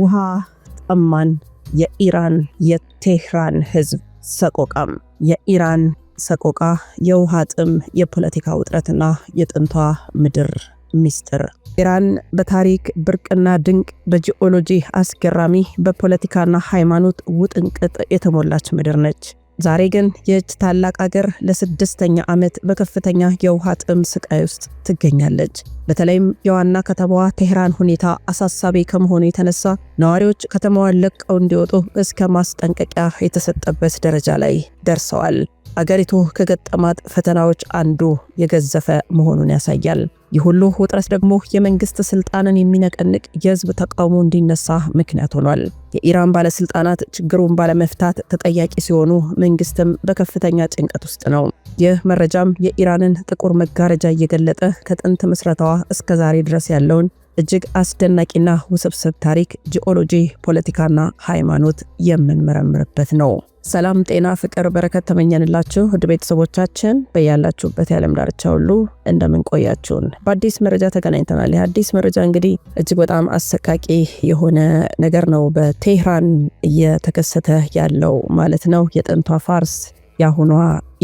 ውሃ ጠማን። የኢራን የቴህራን ህዝብ ሰቆቃም የኢራን ሰቆቃ የውሃ ጥም፣ የፖለቲካ ውጥረትና የጥንቷ ምድር ሚስጥር። ኢራን በታሪክ ብርቅና ድንቅ፣ በጂኦሎጂ አስገራሚ፣ በፖለቲካና ሃይማኖት ውጥንቅጥ የተሞላች ምድር ነች። ዛሬ ግን ይህች ታላቅ አገር ለስድስተኛ ዓመት በከፍተኛ የውሃ ጥም ስቃይ ውስጥ ትገኛለች። በተለይም የዋና ከተማዋ ቴህራን ሁኔታ አሳሳቢ ከመሆኑ የተነሳ ነዋሪዎች ከተማዋን ለቀው እንዲወጡ እስከ ማስጠንቀቂያ የተሰጠበት ደረጃ ላይ ደርሰዋል። አገሪቱ ከገጠማት ፈተናዎች አንዱ የገዘፈ መሆኑን ያሳያል። ይህ ሁሉ ውጥረት ደግሞ የመንግስት ስልጣንን የሚነቀንቅ የህዝብ ተቃውሞ እንዲነሳ ምክንያት ሆኗል። የኢራን ባለስልጣናት ችግሩን ባለመፍታት ተጠያቂ ሲሆኑ፣ መንግስትም በከፍተኛ ጭንቀት ውስጥ ነው። ይህ መረጃም የኢራንን ጥቁር መጋረጃ እየገለጠ ከጥንት ምስረታዋ እስከ ዛሬ ድረስ ያለውን እጅግ አስደናቂና ውስብስብ ታሪክ፣ ጂኦሎጂ፣ ፖለቲካና ሃይማኖት የምንመረምርበት ነው። ሰላም፣ ጤና፣ ፍቅር፣ በረከት ተመኘንላችሁ ውድ ቤተሰቦቻችን በያላችሁበት የዓለም ዳርቻ ሁሉ እንደምንቆያችሁን በአዲስ መረጃ ተገናኝተናል። የአዲስ መረጃ እንግዲህ እጅግ በጣም አሰቃቂ የሆነ ነገር ነው በቴህራን እየተከሰተ ያለው ማለት ነው። የጥንቷ ፋርስ የአሁኗ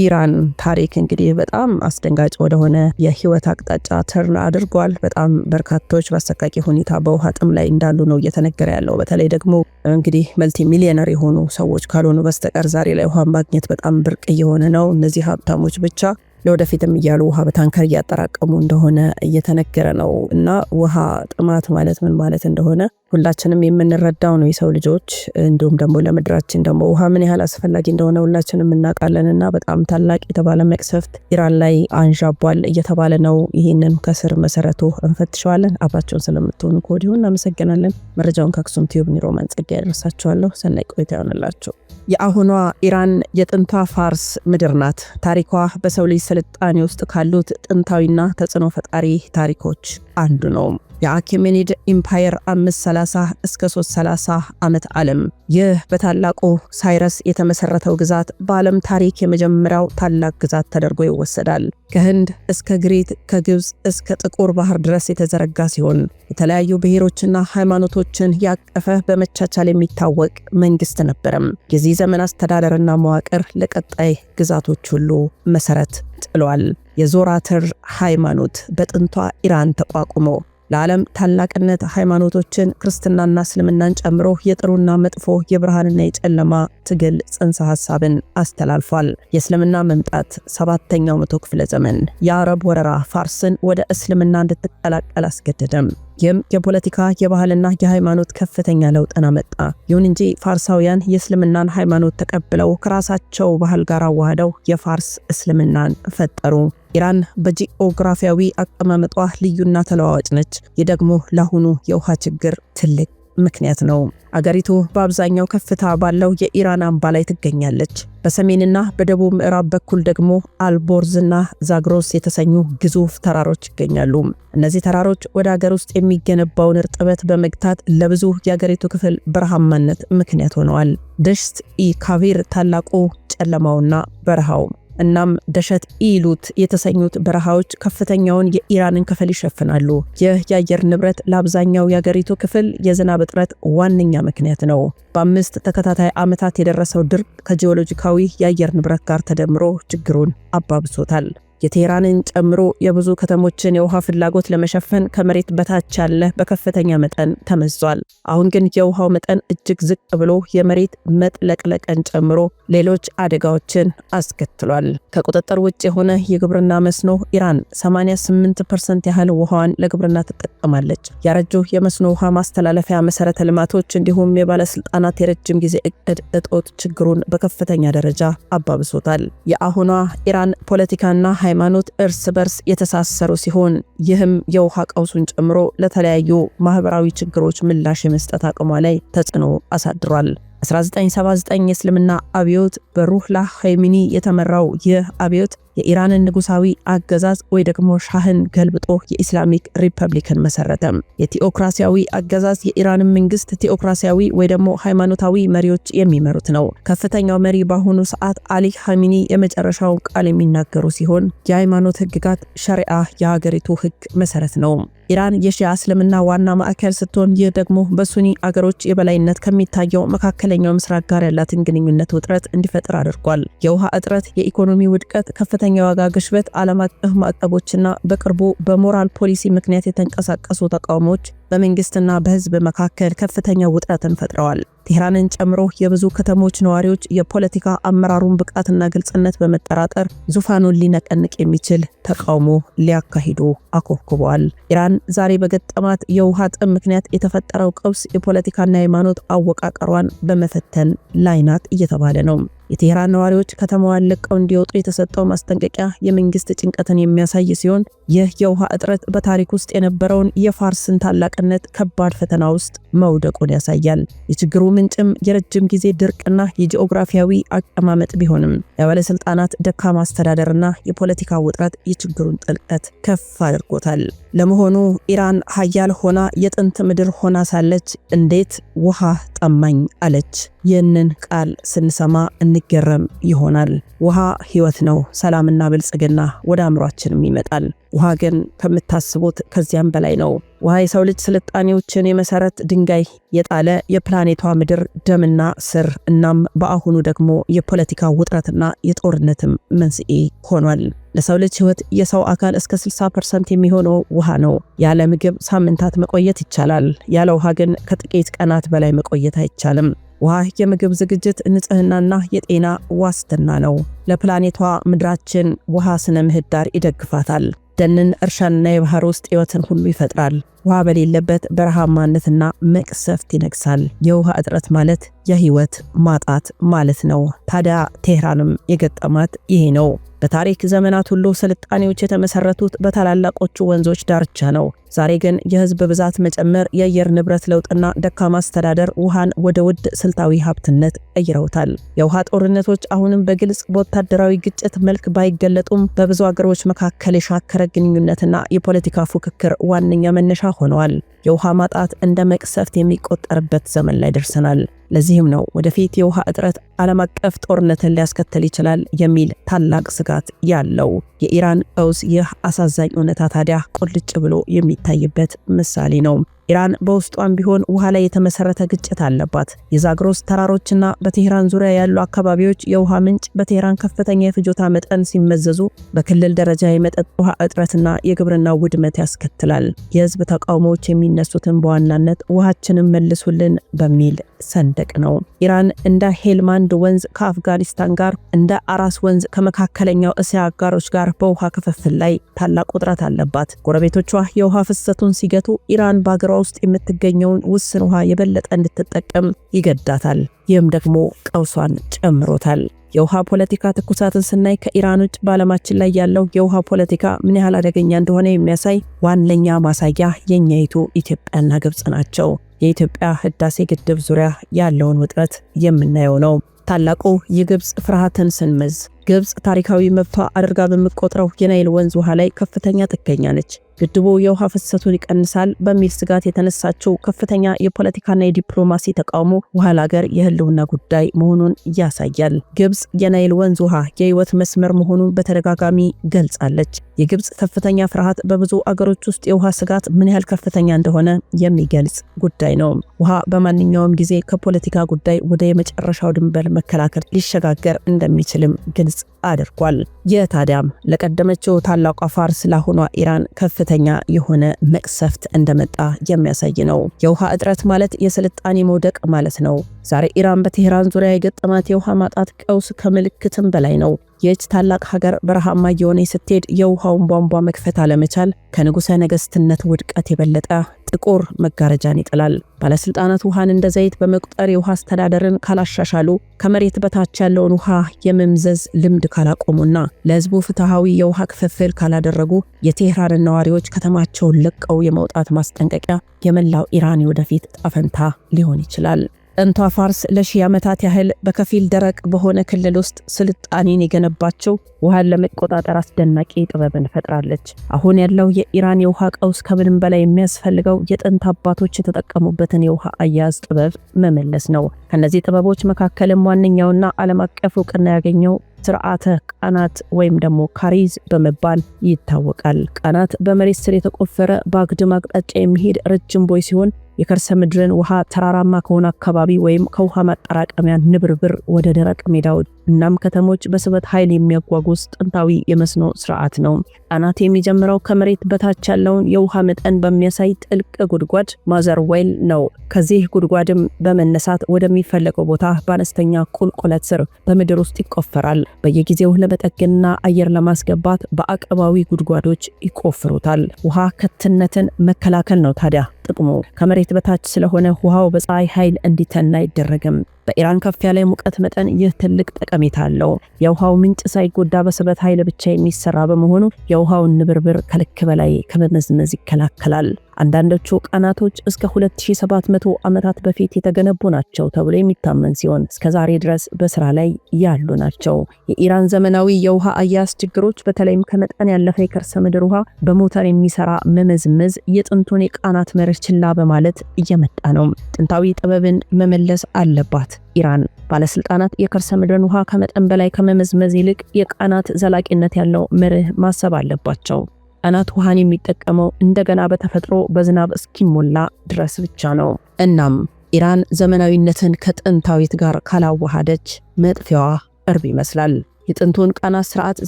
ኢራን ታሪክ እንግዲህ በጣም አስደንጋጭ ወደሆነ የህይወት አቅጣጫ ተርን አድርጓል። በጣም በርካቶች በአሰቃቂ ሁኔታ በውሃ ጥም ላይ እንዳሉ ነው እየተነገረ ያለው። በተለይ ደግሞ እንግዲህ መልቲ ሚሊዮነር የሆኑ ሰዎች ካልሆኑ በስተቀር ዛሬ ላይ ውሃ ማግኘት በጣም ብርቅ እየሆነ ነው። እነዚህ ሀብታሞች ብቻ ለወደፊትም እያሉ ውሃ በታንከር እያጠራቀሙ እንደሆነ እየተነገረ ነው። እና ውሃ ጥማት ማለት ምን ማለት እንደሆነ ሁላችንም የምንረዳው ነው የሰው ልጆች እንዲሁም ደግሞ ለምድራችን ደግሞ ውሃ ምን ያህል አስፈላጊ እንደሆነ ሁላችንም እናውቃለን። እና በጣም ታላቅ የተባለ መቅሰፍት ኢራን ላይ አንዣቧል እየተባለ ነው። ይህንን ከስር መሰረቱ እንፈትሸዋለን። አብራቸውን ስለምትሆኑ ከወዲሁ እናመሰግናለን። መረጃውን ከአክሱም ቲዩብ ኒሮማን ጸጋ ያደርሳችኋለሁ። ሰናይ ቆይታ ይሆንላችሁ። የአሁኗ ኢራን የጥንቷ ፋርስ ምድር ናት። ታሪኳ በሰው ልጅ ስልጣኔ ውስጥ ካሉት ጥንታዊና ተጽዕኖ ፈጣሪ ታሪኮች አንዱ ነው። የአኬሜኒድ ኢምፓየር 530 እስከ 330 ዓመት ዓለም። ይህ በታላቁ ሳይረስ የተመሰረተው ግዛት በዓለም ታሪክ የመጀመሪያው ታላቅ ግዛት ተደርጎ ይወሰዳል። ከህንድ እስከ ግሪት፣ ከግብፅ እስከ ጥቁር ባህር ድረስ የተዘረጋ ሲሆን የተለያዩ ብሔሮችና ሃይማኖቶችን ያቀፈ በመቻቻል የሚታወቅ መንግስት ነበረም። የዚህ ዘመን አስተዳደርና መዋቅር ለቀጣይ ግዛቶች ሁሉ መሰረት ጥሏል። የዞራትር ሃይማኖት በጥንቷ ኢራን ተቋቁሞ ለዓለም ታላቅነት ሃይማኖቶችን ክርስትናና እስልምናን ጨምሮ የጥሩና መጥፎ የብርሃንና የጨለማ ትግል ጽንሰ ሐሳብን አስተላልፏል። የእስልምና መምጣት ሰባተኛው መቶ ክፍለ ዘመን የአረብ ወረራ ፋርስን ወደ እስልምና እንድትቀላቀል አስገደደም። ይህም የፖለቲካ የባህልና የሃይማኖት ከፍተኛ ለውጥን አመጣ። ይሁን እንጂ ፋርሳውያን የእስልምናን ሃይማኖት ተቀብለው ከራሳቸው ባህል ጋር አዋህደው የፋርስ እስልምናን ፈጠሩ። ኢራን በጂኦግራፊያዊ አቀማመጧ ልዩና ተለዋዋጭ ነች። ይህ ደግሞ ለአሁኑ የውሃ ችግር ትልቅ ምክንያት ነው። አገሪቱ በአብዛኛው ከፍታ ባለው የኢራን አምባ ላይ ትገኛለች። በሰሜንና በደቡብ ምዕራብ በኩል ደግሞ አልቦርዝ እና ዛግሮስ የተሰኙ ግዙፍ ተራሮች ይገኛሉ። እነዚህ ተራሮች ወደ አገር ውስጥ የሚገነባውን እርጥበት በመግታት ለብዙ የአገሪቱ ክፍል በረሃማነት ምክንያት ሆነዋል። ደሽት ኢካቪር ታላቁ ጨለማውና በረሃው እናም ደሸት ኢሉት የተሰኙት በረሃዎች ከፍተኛውን የኢራንን ክፍል ይሸፍናሉ። ይህ የአየር ንብረት ለአብዛኛው የአገሪቱ ክፍል የዝናብ እጥረት ዋነኛ ምክንያት ነው። በአምስት ተከታታይ ዓመታት የደረሰው ድርቅ ከጂኦሎጂካዊ የአየር ንብረት ጋር ተደምሮ ችግሩን አባብሶታል። የቴህራንን ጨምሮ የብዙ ከተሞችን የውሃ ፍላጎት ለመሸፈን ከመሬት በታች ያለ በከፍተኛ መጠን ተመዟል። አሁን ግን የውሃው መጠን እጅግ ዝቅ ብሎ የመሬት መጥለቅለቅን ጨምሮ ሌሎች አደጋዎችን አስከትሏል። ከቁጥጥር ውጭ የሆነ የግብርና መስኖ ኢራን 88 ፐርሰንት ያህል ውሃዋን ለግብርና ትጠቀማለች። ያረጁ የመስኖ ውሃ ማስተላለፊያ መሰረተ ልማቶች እንዲሁም የባለስልጣናት የረጅም ጊዜ እቅድ እጦት ችግሩን በከፍተኛ ደረጃ አባብሶታል። የአሁኗ ኢራን ፖለቲካና ሃይማኖት እርስ በርስ የተሳሰሩ ሲሆን ይህም የውሃ ቀውሱን ጨምሮ ለተለያዩ ማህበራዊ ችግሮች ምላሽ የመስጠት አቅሟ ላይ ተጽዕኖ አሳድሯል። 1979 የእስልምና አብዮት በሩህላህ ሃይሚኒ የተመራው ይህ አብዮት የኢራንን ንጉሳዊ አገዛዝ ወይ ደግሞ ሻህን ገልብጦ የኢስላሚክ ሪፐብሊክን መሰረተ። የቴኦክራሲያዊ አገዛዝ የኢራንን መንግስት ቴኦክራሲያዊ ወይ ደግሞ ሃይማኖታዊ መሪዎች የሚመሩት ነው። ከፍተኛው መሪ በአሁኑ ሰዓት አሊ ሐሚኒ የመጨረሻውን ቃል የሚናገሩ ሲሆን የሃይማኖት ህግጋት ሸሪአ የሀገሪቱ ህግ መሰረት ነው። ኢራን የሺያ እስልምና ዋና ማዕከል ስትሆን ይህ ደግሞ በሱኒ አገሮች የበላይነት ከሚታየው መካከለኛው ምስራቅ ጋር ያላትን ግንኙነት ውጥረት እንዲፈጥር አድርጓል። የውሃ እጥረት፣ የኢኮኖሚ ውድቀት፣ ከፍ ከፍተኛ የዋጋ ግሽበት፣ ዓለም አቀፍ ማዕቀቦችና በቅርቡ በሞራል ፖሊሲ ምክንያት የተንቀሳቀሱ ተቃውሞዎች በመንግስትና በህዝብ መካከል ከፍተኛ ውጥረትን ፈጥረዋል። ቴህራንን ጨምሮ የብዙ ከተሞች ነዋሪዎች የፖለቲካ አመራሩን ብቃትና ግልጽነት በመጠራጠር ዙፋኑን ሊነቀንቅ የሚችል ተቃውሞ ሊያካሂዱ አኮብኩበዋል። ኢራን ዛሬ በገጠማት የውሃ ጥም ምክንያት የተፈጠረው ቀውስ የፖለቲካና ሃይማኖት አወቃቀሯን በመፈተን ላይ ናት እየተባለ ነው። የቴህራን ነዋሪዎች ከተማዋን ለቀው እንዲወጡ የተሰጠው ማስጠንቀቂያ የመንግስት ጭንቀትን የሚያሳይ ሲሆን ይህ የውሃ እጥረት በታሪክ ውስጥ የነበረውን የፋርስን ታላቅነት ከባድ ፈተና ውስጥ መውደቁን ያሳያል። የችግሩ ምንጭም የረጅም ጊዜ ድርቅና የጂኦግራፊያዊ አቀማመጥ ቢሆንም የባለሥልጣናት ደካማ አስተዳደርና የፖለቲካ ውጥረት የችግሩን ጥልቀት ከፍ አድርጎታል። ለመሆኑ ኢራን ሀያል ሆና የጥንት ምድር ሆና ሳለች እንዴት ውሃ ጠማኝ አለች? ይህንን ቃል ስንሰማ እንገረም ይሆናል። ውሃ ሕይወት ነው። ሰላምና ብልጽግና ወደ አእምሯችንም ይመጣል። ውሃ ግን ከምታስቡት ከዚያም በላይ ነው። ውሃ የሰው ልጅ ስልጣኔዎችን የመሰረት ድንጋይ የጣለ የፕላኔቷ ምድር ደምና ስር እናም በአሁኑ ደግሞ የፖለቲካ ውጥረትና የጦርነትም መንስኤ ሆኗል። ለሰው ልጅ ህይወት የሰው አካል እስከ 60 ፐርሰንት የሚሆነው ውሃ ነው። ያለ ምግብ ሳምንታት መቆየት ይቻላል። ያለ ውሃ ግን ከጥቂት ቀናት በላይ መቆየት አይቻልም። ውሃ የምግብ ዝግጅት፣ ንጽህናና የጤና ዋስትና ነው። ለፕላኔቷ ምድራችን ውሃ ስነ ምህዳር ይደግፋታል። ደንን፣ እርሻንና የባህር ውስጥ ህይወትን ሁሉ ይፈጥራል። ውሃ በሌለበት በረሃማነትና መቅሰፍት ይነግሳል። የውሃ እጥረት ማለት የህይወት ማጣት ማለት ነው። ታዲያ ቴህራንም የገጠማት ይሄ ነው። በታሪክ ዘመናት ሁሉ ስልጣኔዎች የተመሰረቱት በታላላቆቹ ወንዞች ዳርቻ ነው። ዛሬ ግን የህዝብ ብዛት መጨመር፣ የአየር ንብረት ለውጥና ደካማ አስተዳደር ውሃን ወደ ውድ ስልታዊ ሀብትነት ቀይረውታል። የውሃ ጦርነቶች አሁንም በግልጽ በወታደራዊ ግጭት መልክ ባይገለጡም በብዙ አገሮች መካከል የሻከረ ግንኙነትና የፖለቲካ ፉክክር ዋነኛ መነሻ ሆነዋል። የውሃ ማጣት እንደ መቅሰፍት የሚቆጠርበት ዘመን ላይ ደርሰናል። ለዚህም ነው ወደፊት የውሃ እጥረት ዓለም አቀፍ ጦርነትን ሊያስከትል ይችላል የሚል ታላቅ ስጋት ያለው። የኢራን ቀውስ ይህ አሳዛኝ እውነታ ታዲያ ቁልጭ ብሎ የሚታይበት ምሳሌ ነው። ኢራን በውስጧም ቢሆን ውሃ ላይ የተመሰረተ ግጭት አለባት። የዛግሮስ ተራሮችና በቴህራን ዙሪያ ያሉ አካባቢዎች የውሃ ምንጭ በቴህራን ከፍተኛ የፍጆታ መጠን ሲመዘዙ፣ በክልል ደረጃ የመጠጥ ውሃ እጥረትና የግብርና ውድመት ያስከትላል። የህዝብ ተቃውሞዎች የሚነሱትን በዋናነት ውሃችንን መልሱልን በሚል ሰንደ መታጠቅ ነው። ኢራን እንደ ሄልማንድ ወንዝ ከአፍጋኒስታን ጋር፣ እንደ አራስ ወንዝ ከመካከለኛው እስያ አጋሮች ጋር በውሃ ክፍፍል ላይ ታላቅ ውጥረት አለባት። ጎረቤቶቿ የውሃ ፍሰቱን ሲገቱ ኢራን በአገሯ ውስጥ የምትገኘውን ውስን ውሃ የበለጠ እንድትጠቀም ይገዳታል። ይህም ደግሞ ቀውሷን ጨምሮታል። የውሃ ፖለቲካ ትኩሳትን ስናይ ከኢራን ውጭ በዓለማችን ላይ ያለው የውሃ ፖለቲካ ምን ያህል አደገኛ እንደሆነ የሚያሳይ ዋነኛ ማሳያ የእኛይቱ ኢትዮጵያና ግብጽ ናቸው። የኢትዮጵያ ህዳሴ ግድብ ዙሪያ ያለውን ውጥረት የምናየው ነው። ታላቁ የግብፅ ፍርሃትን ስንመዝ ግብጽ ታሪካዊ መብቷ አድርጋ በምቆጥረው የናይል ወንዝ ውሃ ላይ ከፍተኛ ጥገኛ ነች። ግድቡ የውሃ ፍሰቱን ይቀንሳል በሚል ስጋት የተነሳችው ከፍተኛ የፖለቲካና የዲፕሎማሲ ተቃውሞ ውሃ ለሀገር የህልውና ጉዳይ መሆኑን ያሳያል። ግብፅ የናይል ወንዝ ውሃ የህይወት መስመር መሆኑን በተደጋጋሚ ገልጻለች። የግብፅ ከፍተኛ ፍርሃት በብዙ አገሮች ውስጥ የውሃ ስጋት ምን ያህል ከፍተኛ እንደሆነ የሚገልጽ ጉዳይ ነው። ውሃ በማንኛውም ጊዜ ከፖለቲካ ጉዳይ ወደ የመጨረሻው ድንበር መከላከል ሊሸጋገር እንደሚችልም ግን ግልጽ አድርጓል። ይህ ታዲያም ለቀደመችው ታላቋ ፋርስ ለአሁኗ ኢራን ከፍተኛ የሆነ መቅሰፍት እንደመጣ የሚያሳይ ነው። የውሃ እጥረት ማለት የስልጣኔ መውደቅ ማለት ነው። ዛሬ ኢራን በቴህራን ዙሪያ የገጠማት የውሃ ማጣት ቀውስ ከምልክትም በላይ ነው። ይህች ታላቅ ሀገር በረሃማ የሆነ ስትሄድ የውሃውን ቧንቧ መክፈት አለመቻል ከንጉሠ ነገሥትነት ውድቀት የበለጠ ጥቁር መጋረጃን ይጥላል። ባለስልጣናት ውሃን እንደ ዘይት በመቁጠር የውሃ አስተዳደርን ካላሻሻሉ፣ ከመሬት በታች ያለውን ውሃ የመምዘዝ ልምድ ካላቆሙና ለሕዝቡ ፍትሐዊ የውሃ ክፍፍል ካላደረጉ የቴህራንን ነዋሪዎች ከተማቸውን ለቀው የመውጣት ማስጠንቀቂያ የመላው ኢራን የወደፊት ጣፈንታ ሊሆን ይችላል። ጥንቷ ፋርስ ለሺህ ዓመታት ያህል በከፊል ደረቅ በሆነ ክልል ውስጥ ስልጣኔን የገነባቸው ውሃን ለመቆጣጠር አስደናቂ ጥበብን ፈጥራለች። አሁን ያለው የኢራን የውሃ ቀውስ ከምንም በላይ የሚያስፈልገው የጥንት አባቶች የተጠቀሙበትን የውሃ አያያዝ ጥበብ መመለስ ነው። ከእነዚህ ጥበቦች መካከልም ዋነኛውና ዓለም አቀፍ እውቅና ያገኘው ስርዓተ ቃናት ወይም ደግሞ ካሪዝ በመባል ይታወቃል። ቃናት በመሬት ስር የተቆፈረ በአግድም አቅጣጫ የሚሄድ ረጅም ቦይ ሲሆን የከርሰ ምድርን ውሃ ተራራማ ከሆነ አካባቢ ወይም ከውሃ ማጠራቀሚያ ንብርብር ወደ ደረቅ ሜዳዎች እናም ከተሞች በስበት ኃይል የሚያጓጉዝ ጥንታዊ የመስኖ ስርዓት ነው። ጣናት የሚጀምረው ከመሬት በታች ያለውን የውሃ መጠን በሚያሳይ ጥልቅ ጉድጓድ ማዘር ዌል ነው። ከዚህ ጉድጓድም በመነሳት ወደሚፈለገው ቦታ በአነስተኛ ቁልቁለት ስር በምድር ውስጥ ይቆፈራል። በየጊዜው ለመጠገንና አየር ለማስገባት በአቀባዊ ጉድጓዶች ይቆፍሩታል። ውሃ ከትነትን መከላከል ነው ታዲያ ጥቅሙ ከመሬት በታች ስለሆነ ውሃው በፀሐይ ኃይል እንዲተን አይደረግም። በኢራን ከፍ ያለ የሙቀት መጠን ይህ ትልቅ ጠቀሜታ አለው። የውሃው ምንጭ ሳይጎዳ በስበት ኃይል ብቻ የሚሰራ በመሆኑ የውሃውን ንብርብር ከልክ በላይ ከመመዝመዝ ይከላከላል። አንዳንዶቹ ቃናቶች እስከ 2700 ዓመታት በፊት የተገነቡ ናቸው ተብሎ የሚታመን ሲሆን እስከ ዛሬ ድረስ በስራ ላይ ያሉ ናቸው። የኢራን ዘመናዊ የውሃ አያያዝ ችግሮች በተለይም ከመጠን ያለፈ የከርሰ ምድር ውሃ በሞተር የሚሰራ መመዝመዝ የጥንቱን የቃናት መርህ ችላ በማለት እየመጣ ነው። ጥንታዊ ጥበብን መመለስ አለባት ኢራን። ባለስልጣናት የከርሰ ምድርን ውሃ ከመጠን በላይ ከመመዝመዝ ይልቅ የቃናት ዘላቂነት ያለው መርህ ማሰብ አለባቸው። ቀናት ውሃን የሚጠቀመው እንደገና በተፈጥሮ በዝናብ እስኪሞላ ድረስ ብቻ ነው። እናም ኢራን ዘመናዊነትን ከጥንታዊት ጋር ካላዋሃደች መጥፊያዋ እርብ ይመስላል። የጥንቱን ቃና ስርዓት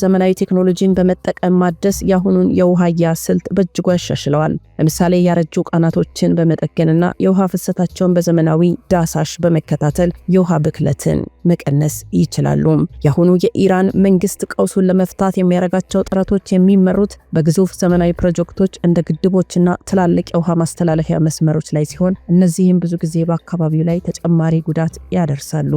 ዘመናዊ ቴክኖሎጂን በመጠቀም ማደስ የአሁኑን የውሃ አያያዝ ስልት በእጅጉ ያሻሽለዋል። ለምሳሌ ያረጁ ቃናቶችን በመጠገንና የውሃ ፍሰታቸውን በዘመናዊ ዳሳሽ በመከታተል የውሃ ብክለትን መቀነስ ይችላሉ። የአሁኑ የኢራን መንግስት ቀውሱን ለመፍታት የሚያደርጋቸው ጥረቶች የሚመሩት በግዙፍ ዘመናዊ ፕሮጀክቶች እንደ ግድቦችና ትላልቅ የውሃ ማስተላለፊያ መስመሮች ላይ ሲሆን እነዚህም ብዙ ጊዜ በአካባቢው ላይ ተጨማሪ ጉዳት ያደርሳሉ።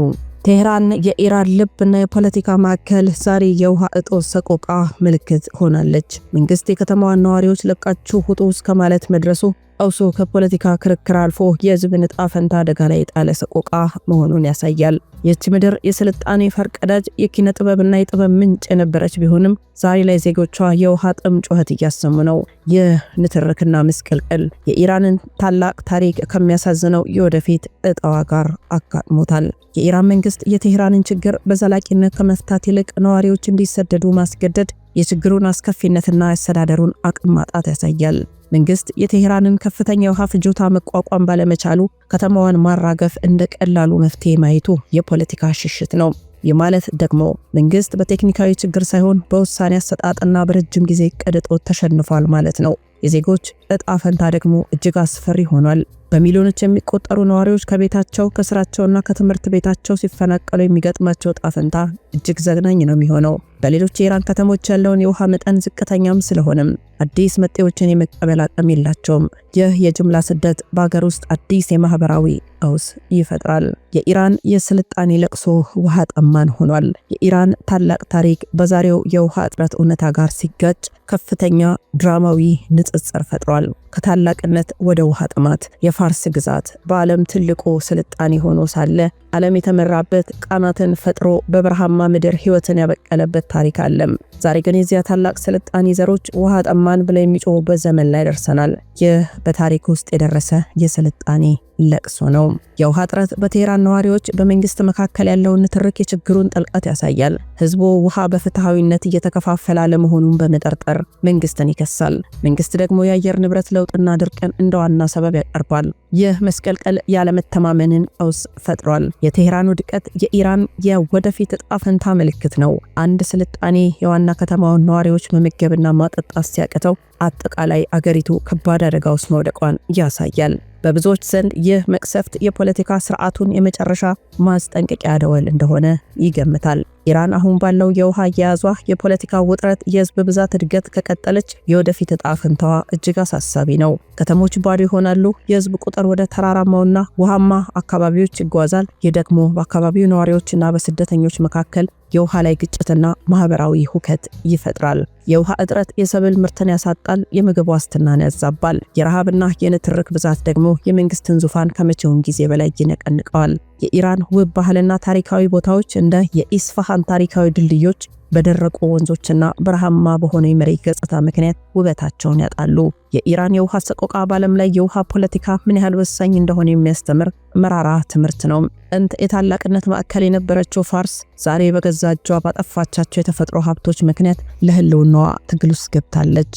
ቴህራን የኢራን ልብ እና የፖለቲካ ማዕከል ዛሬ የውሃ እጦት ሰቆቃ ምልክት ሆናለች። መንግስት የከተማዋን ነዋሪዎች ለቃችሁ ውጡ እስከ ማለት መድረሱ ቀውሱ ከፖለቲካ ክርክር አልፎ የህዝብን ዕጣ ፈንታ አደጋ ላይ የጣለ ሰቆቃ መሆኑን ያሳያል። ይህች ምድር የስልጣኔ ፈርቀዳጅ የኪነ ጥበብና የጥበብ ምንጭ የነበረች ቢሆንም ዛሬ ላይ ዜጎቿ የውሃ ጥም ጩኸት እያሰሙ ነው። ይህ ንትርክና ምስቅልቅል የኢራንን ታላቅ ታሪክ ከሚያሳዝነው የወደፊት እጣዋ ጋር አጋጥሞታል። የኢራን መንግስት የቴህራንን ችግር በዘላቂነት ከመፍታት ይልቅ ነዋሪዎች እንዲሰደዱ ማስገደድ የችግሩን አስከፊነትና ያስተዳደሩን አቅም ማጣት ያሳያል። መንግስት የቴህራንን ከፍተኛ የውሃ ፍጆታ መቋቋም ባለመቻሉ ከተማዋን ማራገፍ እንደ ቀላሉ መፍትሄ ማየቱ የፖለቲካ ሽሽት ነው። ይህ ማለት ደግሞ መንግስት በቴክኒካዊ ችግር ሳይሆን በውሳኔ አሰጣጥና በረጅም ጊዜ ቀድጦ ተሸንፏል ማለት ነው። የዜጎች እጣ ፈንታ ደግሞ እጅግ አስፈሪ ሆኗል። በሚሊዮኖች የሚቆጠሩ ነዋሪዎች ከቤታቸው ከስራቸውና ከትምህርት ቤታቸው ሲፈናቀሉ የሚገጥማቸው ጣፈንታ እጅግ ዘግናኝ ነው የሚሆነው። በሌሎች የኢራን ከተሞች ያለውን የውሃ መጠን ዝቅተኛም ስለሆነም አዲስ መጤዎችን የመቀበል አቅም የላቸውም። ይህ የጅምላ ስደት በሀገር ውስጥ አዲስ የማህበራዊ ቀውስ ይፈጥራል። የኢራን የስልጣኔ ለቅሶ ውሃ ጠማን ሆኗል። የኢራን ታላቅ ታሪክ በዛሬው የውሃ እጥረት እውነታ ጋር ሲጋጭ ከፍተኛ ድራማዊ ንጽጽር ፈጥሯል። ከታላቅነት ወደ ውሃ ጥማት የፋርስ ግዛት በዓለም ትልቁ ስልጣኔ ሆኖ ሳለ ዓለም የተመራበት ቃናትን ፈጥሮ በበረሃማ ምድር ሕይወትን ያበቀለበት ታሪክ አለም። ዛሬ ግን የዚያ ታላቅ ስልጣኔ ዘሮች ውሃ ጠማን ብለው የሚጮሁበት ዘመን ላይ ደርሰናል። ይህ በታሪክ ውስጥ የደረሰ የስልጣኔ ለቅሶ ነው። የውሃ እጥረት በቴህራን ነዋሪዎች በመንግስት መካከል ያለውን ንትርክ የችግሩን ጥልቀት ያሳያል። ህዝቡ ውሃ በፍትሐዊነት እየተከፋፈለ አለመሆኑን በመጠርጠር መንግስትን ይከሳል። መንግስት ደግሞ የአየር ንብረት ለውጥና ድርቅን እንደ ዋና ሰበብ ያቀርባል። ይህ መስቀልቀል ያለመተማመንን ቀውስ ፈጥሯል። የቴህራን ውድቀት የኢራን የወደፊት እጣ ፈንታ ምልክት ነው። አንድ ስልጣኔ የዋና ዋና ከተማውን ነዋሪዎች መመገብና ማጠጣት ሲያቅተው አጠቃላይ አገሪቱ ከባድ አደጋ ውስጥ መውደቋን ያሳያል። በብዙዎች ዘንድ ይህ መቅሰፍት የፖለቲካ ስርዓቱን የመጨረሻ ማስጠንቀቂያ ደወል እንደሆነ ይገምታል። ኢራን አሁን ባለው የውሃ አያያዟ፣ የፖለቲካ ውጥረት፣ የህዝብ ብዛት እድገት ከቀጠለች የወደፊት እጣ ፈንታዋ እጅግ አሳሳቢ ነው። ከተሞች ባዶ ይሆናሉ። የህዝብ ቁጥር ወደ ተራራማውና ውሃማ አካባቢዎች ይጓዛል። ይህ ደግሞ በአካባቢው ነዋሪዎችና በስደተኞች መካከል የውሃ ላይ ግጭትና ማህበራዊ ሁከት ይፈጥራል። የውሃ እጥረት የሰብል ምርትን ያሳጣል፣ የምግብ ዋስትናን ያዛባል። የረሃብና የንትርክ ብዛት ደግሞ የመንግስትን ዙፋን ከመቼውም ጊዜ በላይ ይነቀንቀዋል። የኢራን ውብ ባህልና ታሪካዊ ቦታዎች እንደ የኢስፋሃን ታሪካዊ ድልድዮች በደረቁ ወንዞችና በረሃማ በሆነ የመሬት ገጽታ ምክንያት ውበታቸውን ያጣሉ። የኢራን የውሃ ሰቆቃ በዓለም ላይ የውሃ ፖለቲካ ምን ያህል ወሳኝ እንደሆነ የሚያስተምር መራራ ትምህርት ነው። ጥንት የታላቅነት ማዕከል የነበረችው ፋርስ ዛሬ በገዛ እጇ ባጠፋቻቸው የተፈጥሮ ሀብቶች ምክንያት ለህልውናዋ ትግል ውስጥ ገብታለች።